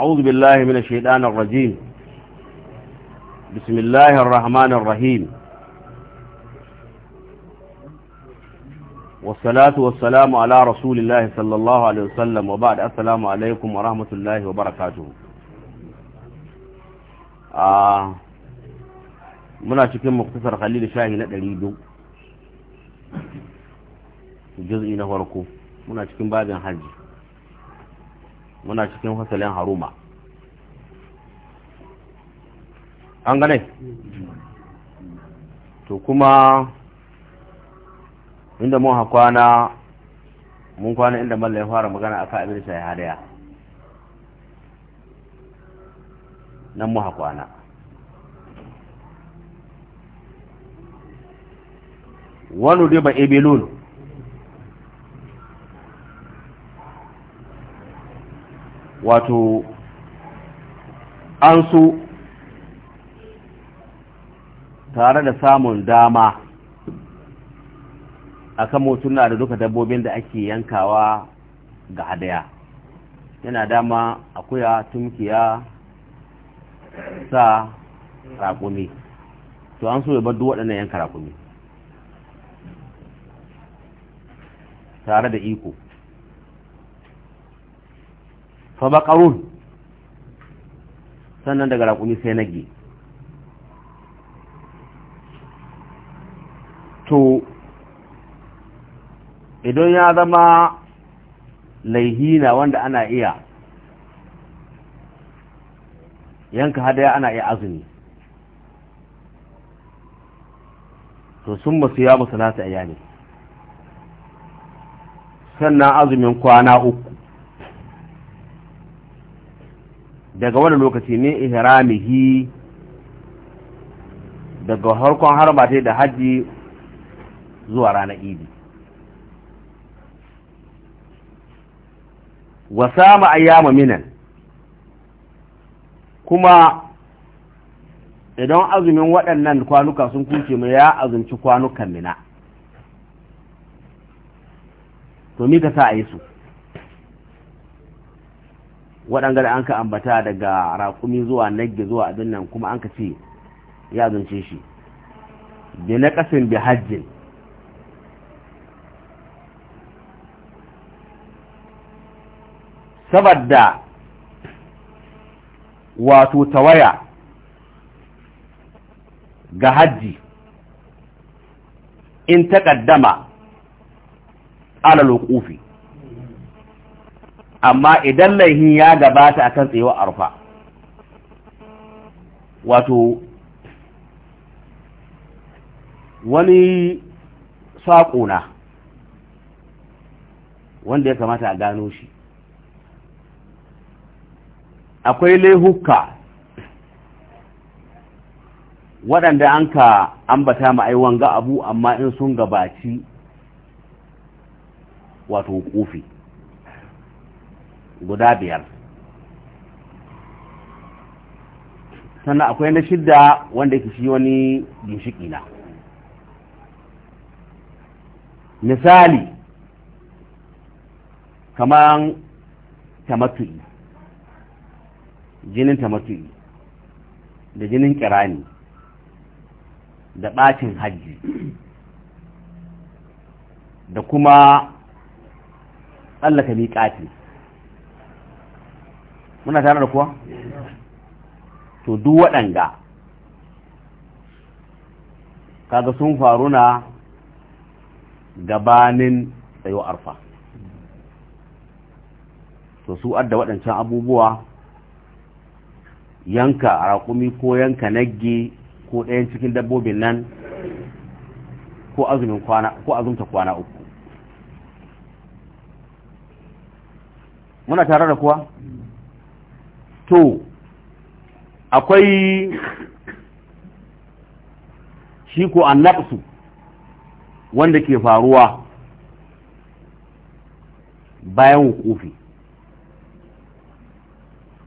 أعوذ بالله من الشيطان الرجيم بسم الله الرحمن الرحيم والصلاة والسلام على رسول الله صلى الله عليه وسلم وبعد السلام عليكم ورحمة الله وبركاته آه muna cikin muktasar khalil shahi na 200 juz'i na farko muna cikin babin hajji muna cikin fasalin haruma an gane to kuma inda mun kwana mun kwana inda malla fara magana a kan abin sai hadaya nan mun kwana wani riba ibilun wato an so tare da samun dama akan mutum na da duka dabbobin da ake yankawa ga hadaya yana dama akuya tumkiya sa rakumi to an so ya bar duk waɗannan yanka rakumi tare da iko fa baqarun sannan daga raƙumi sai nage to idan ya zama laihina wanda ana iya yanka hadaya ana iya azumi to sun masu ya musu nasu ayyami sannan azumin kwana uku daga wani lokaci ne ihramihi daga harkon harba ta da hajji zuwa ranar idi wa sama ayyama minan kuma idan azumin waɗannan kwanuka sun kuce mai ya azumci kwanukan mina to mika sa a yi su waɗanda da an ka ambata daga raƙumi zuwa nagge zuwa abin nan kuma an ka ce ya zunce shi bi na ƙasin bi hajjin saboda wato tawaya ga hajji in ƙaddama alal wuƙufi amma idan laihin ya gabata akan tsayuwar arfa wato wani saƙona wanda ya kamata a gano shi akwai laihuka waɗanda an ka ambata ma'aiwan ga abu amma in sun gabaci wato kofi guda biyar sannan akwai na shidda wanda yake shi wani ginshiki na misali kamar tamatu'i jinin tamatu'i da jinin kirani da ɓacin hajji da kuma tsallaka miƙafi muna tare da kuwa to duk waɗanda kaga sun faru na gabanin tsayo arfa to su adda waɗancan abubuwa yanka raƙumi ko yanka nagge ko ɗayan cikin dabbobin nan ko kwana azumta kwana uku muna tare da kuwa to akwai shi ko annaqsu wanda ke faruwa bayan wukufi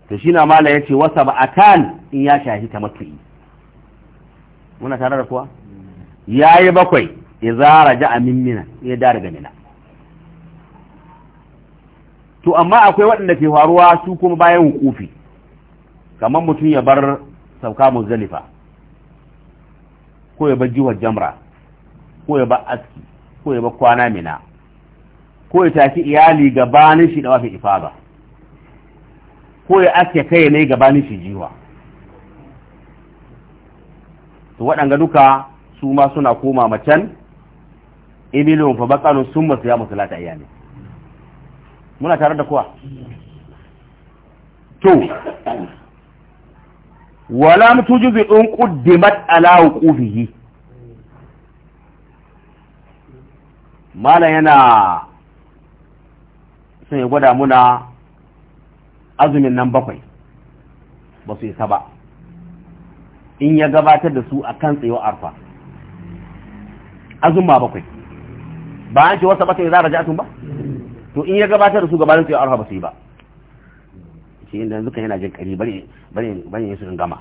to shi na mala ya ce wasa ba kan in ya shahi ta matu'i muna tare da kuwa ya yi bakwai ya zara ja a mimmina ya da daga mina to amma akwai waɗanda ke faruwa su kuma bayan wukufi kamar mutum ya bar sauka muzdalifa ko ya bar jiwar jamra ko ya bar aski ko ya bar kwana mina ko ya tafi iyali gabanin shi da wafi ifaba ko ya aske kai ne gabanin shi jiwa to waɗanga duka su ma suna koma macen ibilun fa bakalun sun masu ya musu lata iyali muna tare da kuwa to wala mutuju bi in quddimat ala uqubihi mala yana sai ya gwada muna azumin nan bakwai ba su isa ba in ya gabatar da su a kan tsayo arfa azumma bakwai ba an ce wasa bakai za a raja'atun ba to in ya gabatar da su gabatar tsayo arfa ba su yi ba ce inda zukan yana jin kari bari yin su gama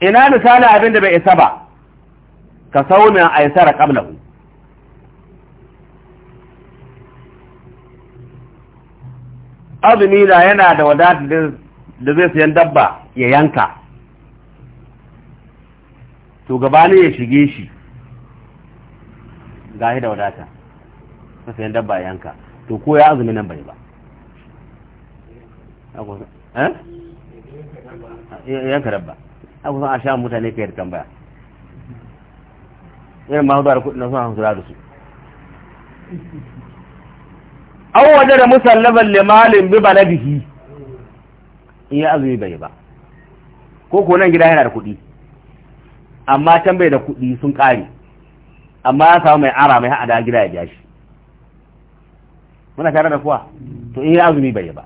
ina misali abin da bai isa ba ka saumin aisara qablahu azumi na yana da wadata da zai sayan dabba ya yanka to gabanin ya shige shi gahi da wadata sayan dabba ya yanka to ko ya azumi nan bai ba Eh? yanka rabba a kusan a sha mutane ka yi tambaya irin ma zuwa kudin suna hansura da su an waje da musallaban limalin bi baladihi in yi azumi bai ba ko ko nan gida yana da kuɗi amma can bai da kuɗi sun kare amma ya samu mai ara mai haɗa gida ya biya shi muna tare da kuwa to in yi azumi bai ba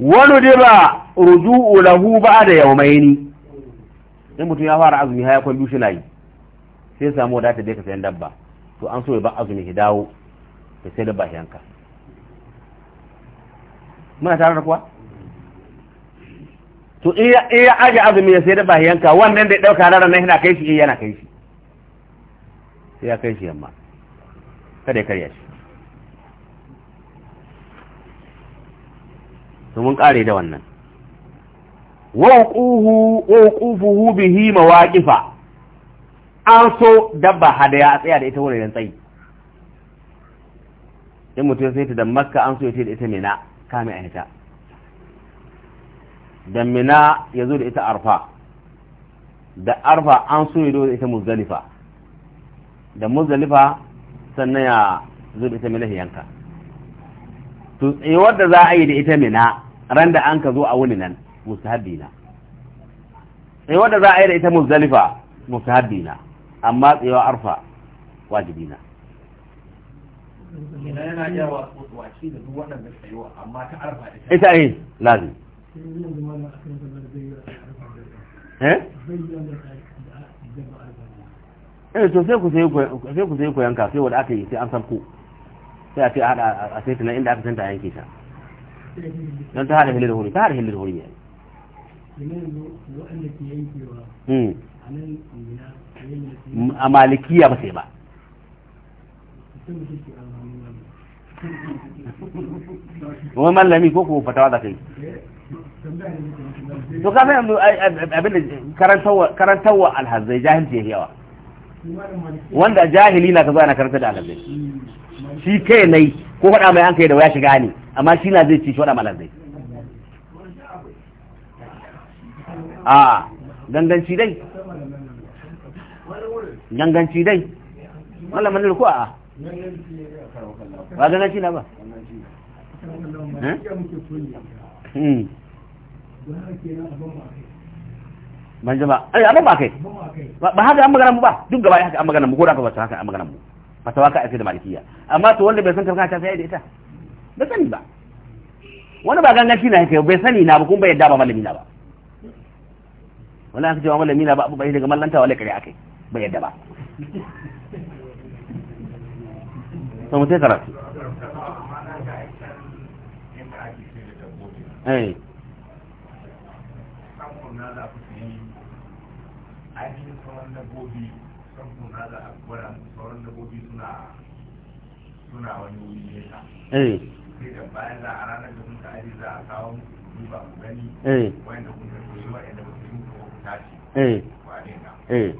wani diba ruju'u lahu ba da ni, in mutum ya fara azumi haya kwallo shi layi sai samu wadata ta ya sayan dabba to an so ya ba azumi ya dawo ya sai dabba yanka muna tare da kuwa to in ya aje azumi ya sai dabba yanka wannan da ya dauka ranar nan yana kai shi eh, yana kai shi sai ya kai shi yamma kada ya karya shi to mun kare da wannan wauquhu bihi mawaqifa an so dabba hadaya a tsaya da ita wurin tsayi in mutum sai ta da makka an so ya da ita mina kame a ita da mina ya zo da ita arfa da arfa an so ya da ita muzdalifa da muzdalifa sannan ya zo da ita mina yanka to tsayuwar da za a yi da ita mina ran da an ka zo a wuni nan mustahabbi na tsayuwar da za a yi da ita muzdalifa mustahabbi na amma tsayuwa arfa wajibi na ita yi eh, lazim eh? eh to sai ku sai ku yanka sai wanda aka yi sai an san ku sai a ce a hada a sai tunan inda aka santa yanke ta don ta hada hilil huri ta hada hilil huri yayi hmm. a malikiya ba sai ba wani mallami ko kuma fatawa za ka yi to ka san abin karantarwa alhazai jahilci ya yawa wanda jahili na ka zo ana karantar da alhazai shi kai nai ko faɗa mai an kai da waya shiga ne amma shi na zai ci shi waɗa malar zai a ganganci dai ganganci dai wala manar ko a ba ganganci na ba hmm. ban jama ai eh, abin ba kai ba haka an magana mu ba duk gaba haka an magana mu ko da ka ba haka an magana mu fatawa ka ake da malikiya amma to wanda bai san tafka ta sai da ita ba sani ba wani ba shi na haifai bai sani na bukun bai yadda ba malami na ba wani aka cewa malami na ba abu bai daga mallanta wale kare aka bai yadda ba sau mutai karatu eh da suna wani bayan za a na eh. eh. eh.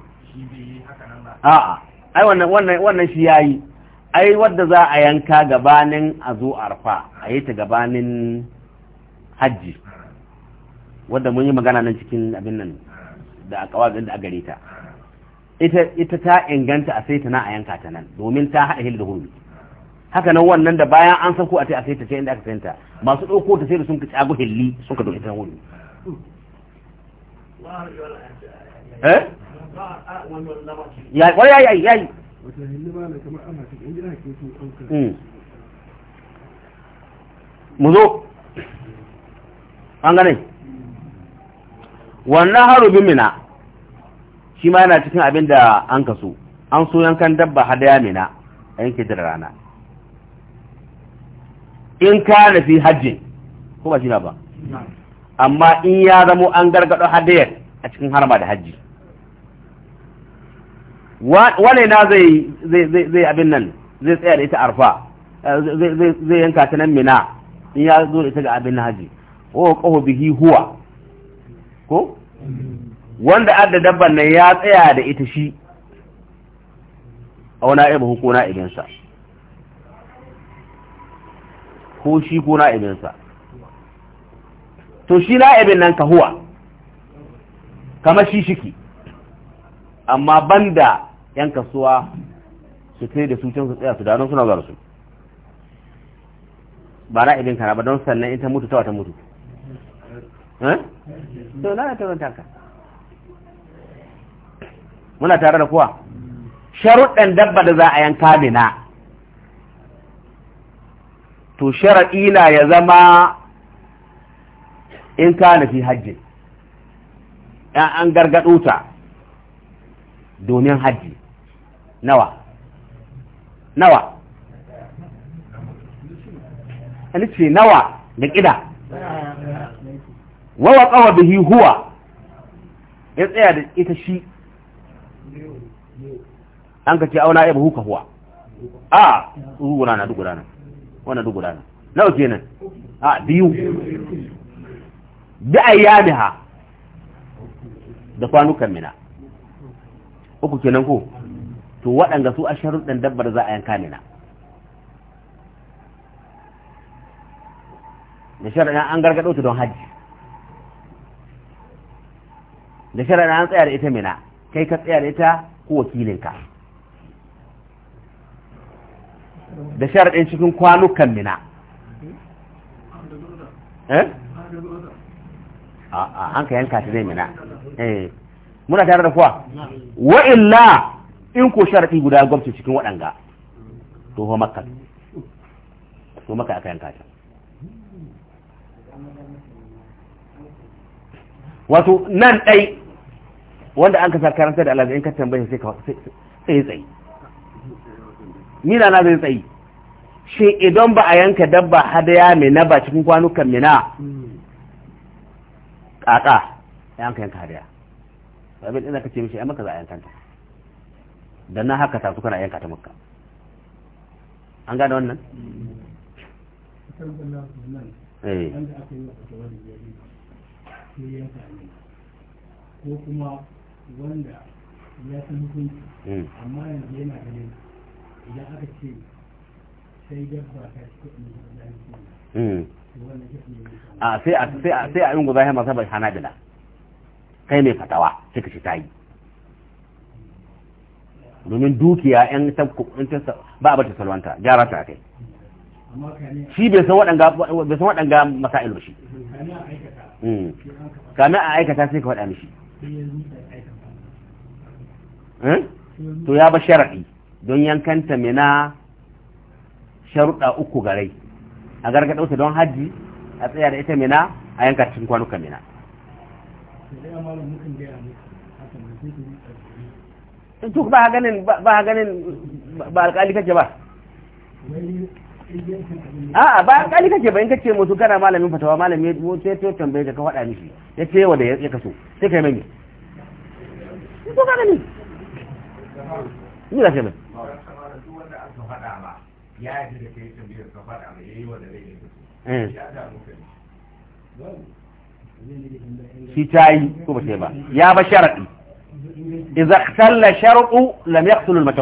shi bai yi ai yayi ai wadda za a yanka gabanin a zo arfa a yi ta gabanin hajji wadda mun yi magana nan cikin abin nan da a da gare ita ta inganta a sai ta na a yanka ta nan domin ta haɗa hil da hurbi haka nan wannan da bayan an sako a ta a sai ta sai inda aka ta masu ɗauko ta sai da sun ka tsago hilli sun ka doki ta wuri eh ya hmm. mu zo an gane wannan haru bi mina shi ma yana cikin abin da an kaso an so yankan dabba hadaya mina a yanke da rana in kana fi hajji ko ba shi na ba amma in ya zamo an gargado hadayar a cikin harma da hajji wane na zai zai abin nan zai tsaya da ita arfa eh, zai yanka ta nan mina in ya zo da ita ga abin na hajji wa qahu bihi huwa ko wanda adda dabban nan ya tsaya da ita shi a wani aibu hukuna idansa ko shi ko na'ibinsa to shi na'ibin nan ka huwa kama shi shiki amma banda yan kasuwa su kai da su can su tsaya su danon suna zuwa ba na'ibin kana ba don sannan in ta mutu ta wata mutu eh? na ta ka muna tare da kuwa sharuɗan dabba da za a yanka bina to sharaɗi na ya zama in kana fi hajji ‘yan an gargaɗo ta domin hajji nawa nawa ce nawa da ƙida wawa ƙawa bihi huwa ya tsaya da ita shi an ka ce auna ya buhu ka huwa a na duk gudanar. wannan duk guda nawa kenan a biyu bi ayyamiha da kwanukan mina uku kenan ko to waɗanda su a sharuɗin dabbar za a yanka mina da sharaɗin an gargaɗo ta don hajji da sharaɗin an tsaya da ita mina kai ka tsaya da ita ko wakilinka da sharaɗin cikin kwanukan mina eh an ka yanka ta zai mina eh muna tare da kuwa wa illa in ko sharaɗi guda gwamnati cikin waɗanga to fa maka to maka aka yanka ta wato nan ɗai wanda an ka sa karanta da alaƙa in ka tambaye sai ka sai tsaye mina na zai tsayi shi idan ba a yanka dabba hadaya mai na ba cikin kwanukan mina ƙaƙa yanka yanka hadaya abin ina ka ce mishi yan maka za a yanka ta da na haka ta su kana yanka ta maka an gane wannan eh. ko kuma wanda ya san hukunci hmm. amma yanzu yana ganin idan aka ce sai hmm. a sai a sai a sai a bai hana bila kai mai fatawa sai ka ta yi domin dukiya yan ta ba a bata salwanta gyara ta kai shi bai san waɗanga masa'il ba shi kamin a aikata hmm. sai ka waɗa mishi hmm? to ya ba sharaɗi don yankanta mina sharuɗa uku garai a gargaɗa ta don hajji a tsaya da ita mina a yanka cikin kwanuka mina duk ba ganin ba ganin ba alƙali kake ba a'a ba alƙali kake ba in kace musu kana malamin fatawa malami sai to tambaye ka ka faɗa mishi ya ce wa da ya kaso sai kai mai to ka gani ni za ya da kai wanda yi da eh. shi ta yi ko ba ba ya ba sharaɗi idza shar'u lam yaqtul al ba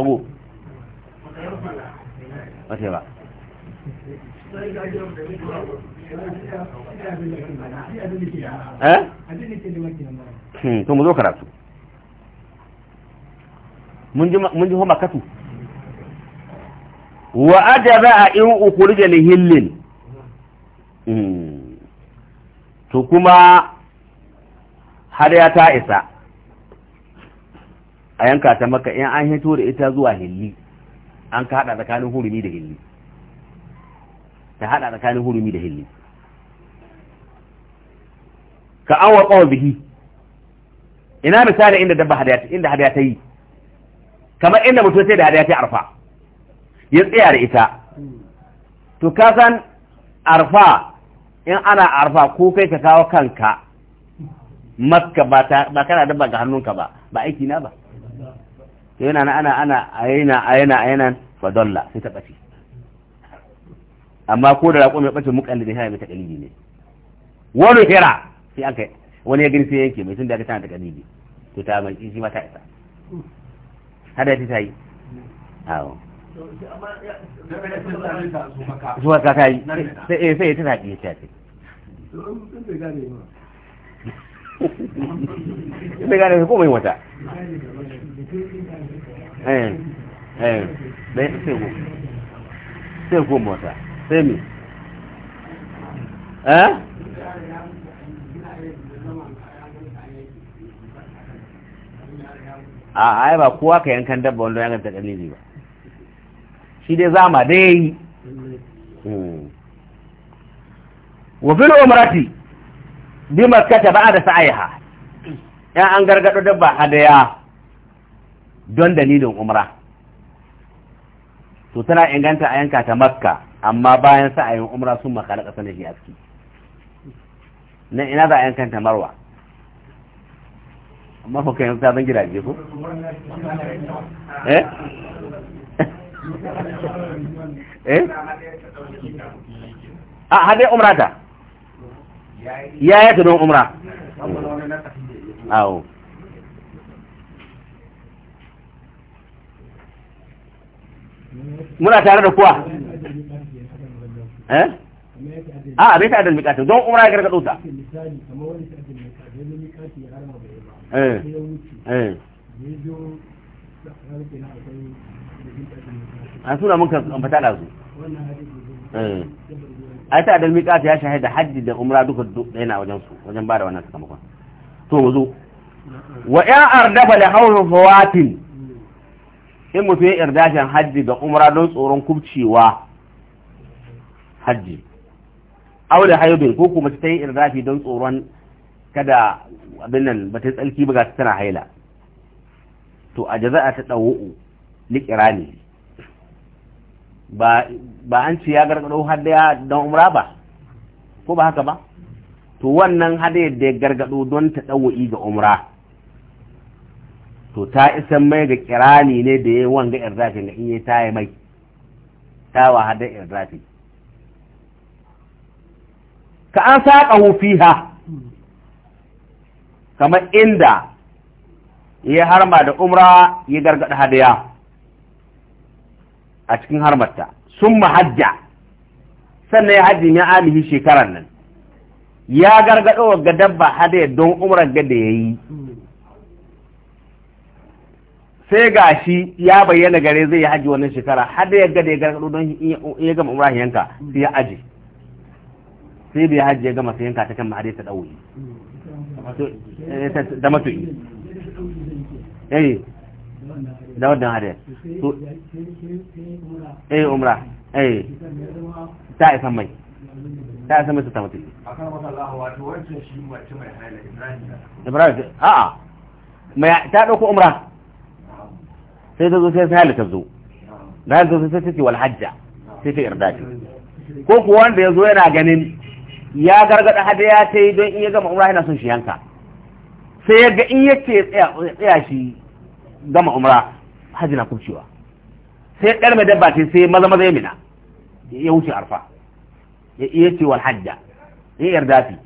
ba eh? hmm, to mu zo karatu mun ji homa katu wa adaba in ukhrija li hillin hmm. to kuma har ya ta isa a yanka ta maka in an hito da ita zuwa hilli an ka hada tsakanin hurumi da hilli ta hada tsakanin hurumi da hilli ka an waƙa wa bihi ina misali inda dabba hadaya inda hadaya ta yi kamar inda mutum sai da hadaya ta arfa ya tsaya da ita to ka san arfa in ana arfa ko kai ka kawo kanka maska ba kana da ga hannunka ba ba aiki na ba to yana ana ana ayina ayina ayina fa dalla sai ta bace amma ko da raƙo mai bace mukallidi da ya ta takalili ne wani hira sai an kai wani ya gani sai yanke mai tun da aka tana takalili to ta mai shi ma ta isa hada ta yi awo zuwa ka kai sai eh sai tana iya ta ce sai gane ko mai wata eh eh sai go mota sai mi eh a ai ba kowa ka yankan dabba wanda ya ganta kalili ba shi dai zama dai hmm. wa fil umrati bi makkata ba'da sa'iha ya an gargado dabba hadaya don dalilin umra to tana inganta a yanka ta makka amma bayan sa'ayin umra sun makalaka sanar shi aski na ina za a ta marwa amma fa kai sabon gidaje ko eh eh a ah, hade umra ta ya ya don umra aw muna tare da kuwa eh a ah, abin ta adal mikati don umra ya gargaɗo ta Eh, eh. A suna mun kan fata da su a eh. ta da miƙa ya shahada hajji da umra duka ɗaya wajen su wajen ba da wannan sakamakon to wazo wa ya ardafa da haulu fawatin in mutum ya irdashin hajji da umra don tsoron kubcewa hajji aure haibin ko kuma ta yi irdafi don tsoron kada abin nan ba ta yi tsalki ba ga tana haila to a jaza ta ɗawo'u likira ne ba an ce ya har da don umra ba ko ba haka ba to wannan hada da ya gargado don ta ɗau'i ga umra to ta isan mai ga kirani ne da ya wanga irzafin da in ya yi mai tawa hadar irzafi ka an saƙa fiha kamar inda ya harma da umra ya gargada hadaya a cikin harmarta sun mahajja sannan ya hajji ya alihi shekarar nan ya gargada wa dabba hadaya don umrar gada ya yi sai ga shi ya bayyana gare zai yi hajji wannan shekara hadaya gada ya gargado don ya gama umra yanka sai ya aji sai bai hajji ya gama sai yanka ta kan mahadaya ta ɗauyi Eh, da matu'i eh da wannan to eh umra eh ta isa mai ta isa mai ta matu'i akan wata Allah wato wancan shi mace mai haila Ibrahim Ibrahim a'a mai ta dauko umra sai ta zo sai ta halata zo da zo sai ta ce wal hajja sai ta ko kuwa wanda ya zo yana ganin ya gargada ya ta yi don in ya gama umra yana son shi yanka sai ya ga in ya ce tsaya shi gama umra hajji na kubcewa sai ya ƙarfe dabba ce sai maza maza ya mina ya wuce arfa ya iya ce wal hajja ya yarda fi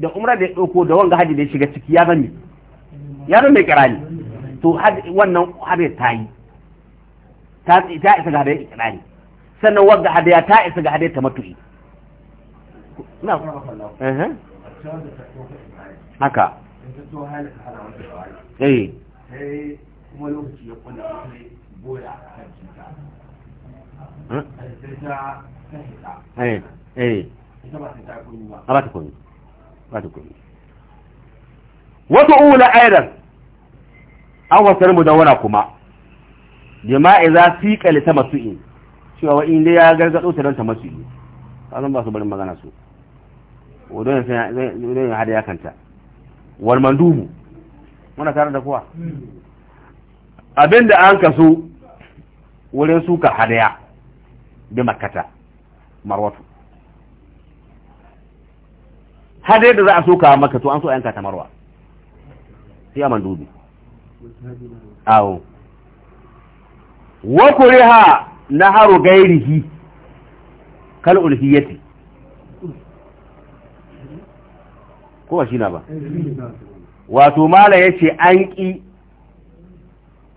da umra da ya ɗauko da wanga hajji da ya shiga ciki ya zan ya zan mai kirani to wannan hadaya ta yi ta isa ga ya ƙirani sannan wanga hadaya ta isa ga hada ta matu'i wasu eh haka eh kuma ta an mu da wana kuma jima'i za su yi kalita masu cewa in ya gargaɗo ta don ta masu ba su bari magana su don ya hada ya kanta wal mandubu muna tare da kowa abinda an kaso wurin suka hadaya bi makkata marwatu hadaya da za a soka maka to an so yanka ta marwa sai a mandubi awo wa na naharu gairihi kal ulhiyati ko ba shi na ba wato mala ya ce an ƙi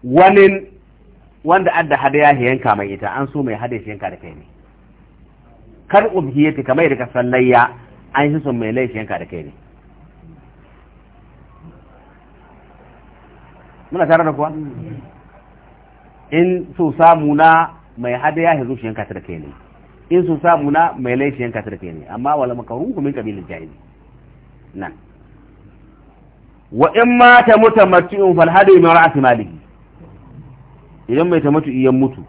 wani wanda adda hadaya ya yanka mai ita an so mai hada shi yanka da kai ne kar ubhiyati kamar da ka sallayya an shi son mai laifi yanka da kai ne muna tare da kuwa in so samu na mai hada ya zo shi yanka ta da kai ne in so samu na mai laifi yanka ta da kai ne amma wala makaruhu min kabilin jahili nan wa in mata mutamatti'un fal hadu min ra'si malihi idan mai ta mutu iyan mutu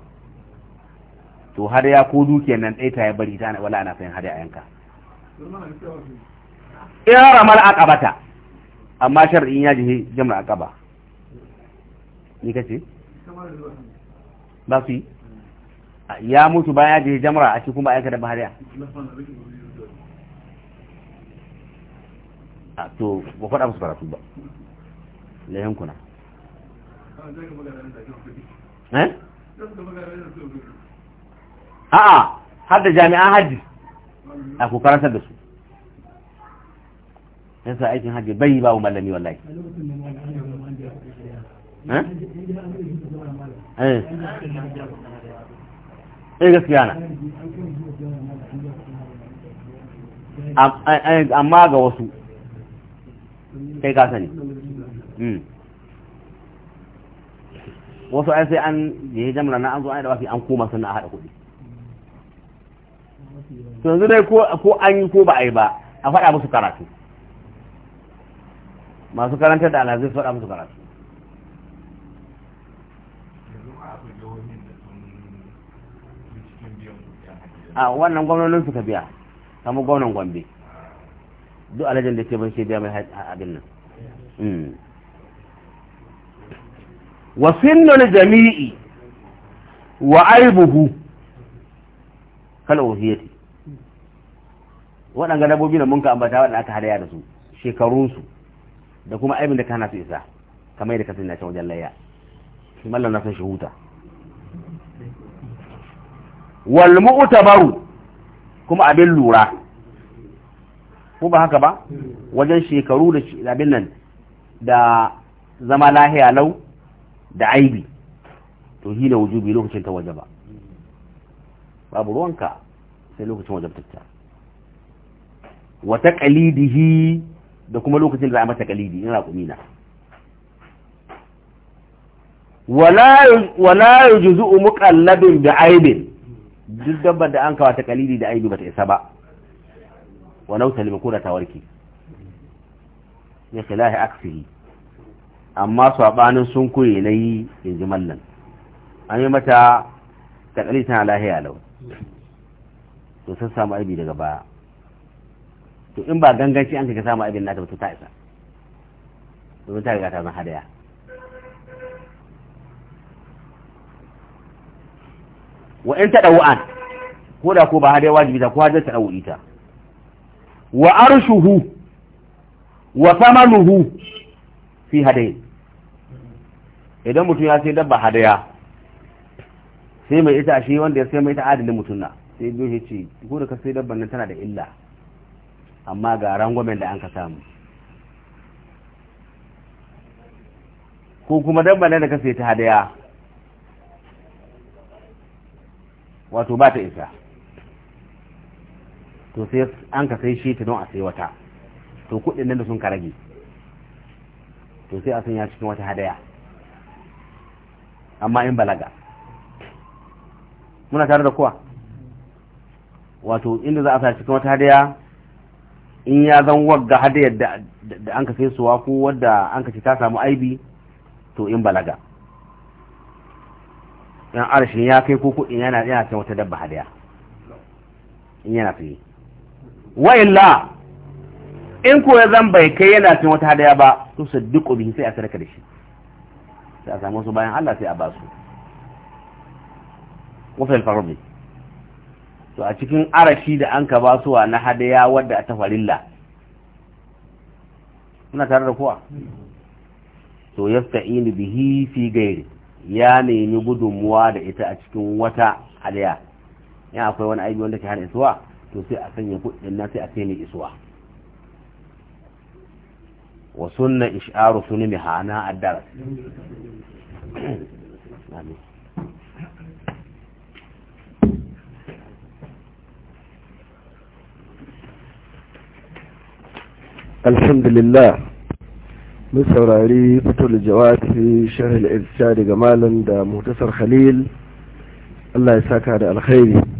to har ya ko dukiyar nan dai ta ya bari ta wala ana fayin hada yanka ya ramal aqabata amma shar'in ya jihi jamra aqaba ni kace ba fi ya mutu ba ya jihi jamra a cikin kuma ayyuka da bahariya to ba faɗa musu karatu ba layan kuna eh? a'a har da jami'an hajji a ku karantar da su yasa aikin hajji bai ba wa malami wallahi eh? eh gaskiya na amma ga wasu kai ka sani hmm. wasu ai sai an ya jamla na an zo an da wafi an koma sannan a haɗa kuɗi to yanzu dai ko an yi ko ba a yi ba a faɗa musu karatu masu karantar da alhazai su faɗa musu karatu a wannan gwamnonin suka biya kamar gwamnan gombe duk alajin da ke ban shi biya mai abin nan Mm. wa sinnul jami'i wa aibuhu kala wasiyati waɗanga dabbobi da munka ambata waɗanda aka hadaya da su shekarunsu da kuma aibin da ka hana su isa kamar yadda ka sani na can wajen layya mallan na san shuhuta wal mu'tabaru kuma abin lura ko ba haka ba mm. wajen shekaru da abin nan da zama lahiya lau da aibi to hi ne wujubi lokacin ta waje ba babu ruwanka sai lokacin waje wajabtacca wata kalidihi da kuma lokacin da za a mata kalidi ina kumina wala yujzu muqallabin bi aibin duk dabbar da an kawata ta kalidi da aibi bata isa ba walau ba ko da ta warke ya filahi aksihi amma sabanin sun na yi in ji mallan an yi mata takali tana lahiya lau to sun samu aibi daga baya to in ba ganganci an ka samu aibi na ta to ta isa domin ta riga ta zan hadaya wa in taɗa wa'an ko da ko ba hadaya wajibi ta ko hadaya ta ɗau'i ta wa arshuhu wa samanuhu fi hadai idan mutum ya sai dabba hadaya sai mai ita shi wanda ya sai mai ita adalin mutum na sai biyu shi ce ko da ka sai dabban nan tana da illa amma ga rangwamen da an ka samu ko kuma dabban nan da ka sai ta hadaya wato ba ta isa to sai an ka sai shi ta don a sai wata to kudin nan da sun karage to sai a sanya cikin wata hadaya amma in balaga muna tare da kowa wato inda za a sa cikin wata hadaya in ya zan wagga hadayar da an ka fesuwa ko wadda an ka ce ta samu aibi to in balaga yan arshin ya kai ko kudin yana yana cikin wata dabba hadaya in yana fiye wa'illa in ko ya zan bai kai yana cin wata hadaya ba to duk bihi sai a sadaka da shi sai a samu su bayan Allah sai a ba su farbi to a cikin arashi da an ka ba wa na hadaya wadda ta farilla ina tare da kowa to yasta'inu bihi fi gairi ya nemi gudunmuwa da ita a cikin wata hadaya ya akwai wani aibi wanda ke hana isuwa to sai a sanya kudin na sai a sai ne isuwa وسن إشعار سنمها أنا الدرس الحمد لله مصر علي بطول الجواد في شهر الإرسال جمالا دا مهتسر خليل الله يساك على الخير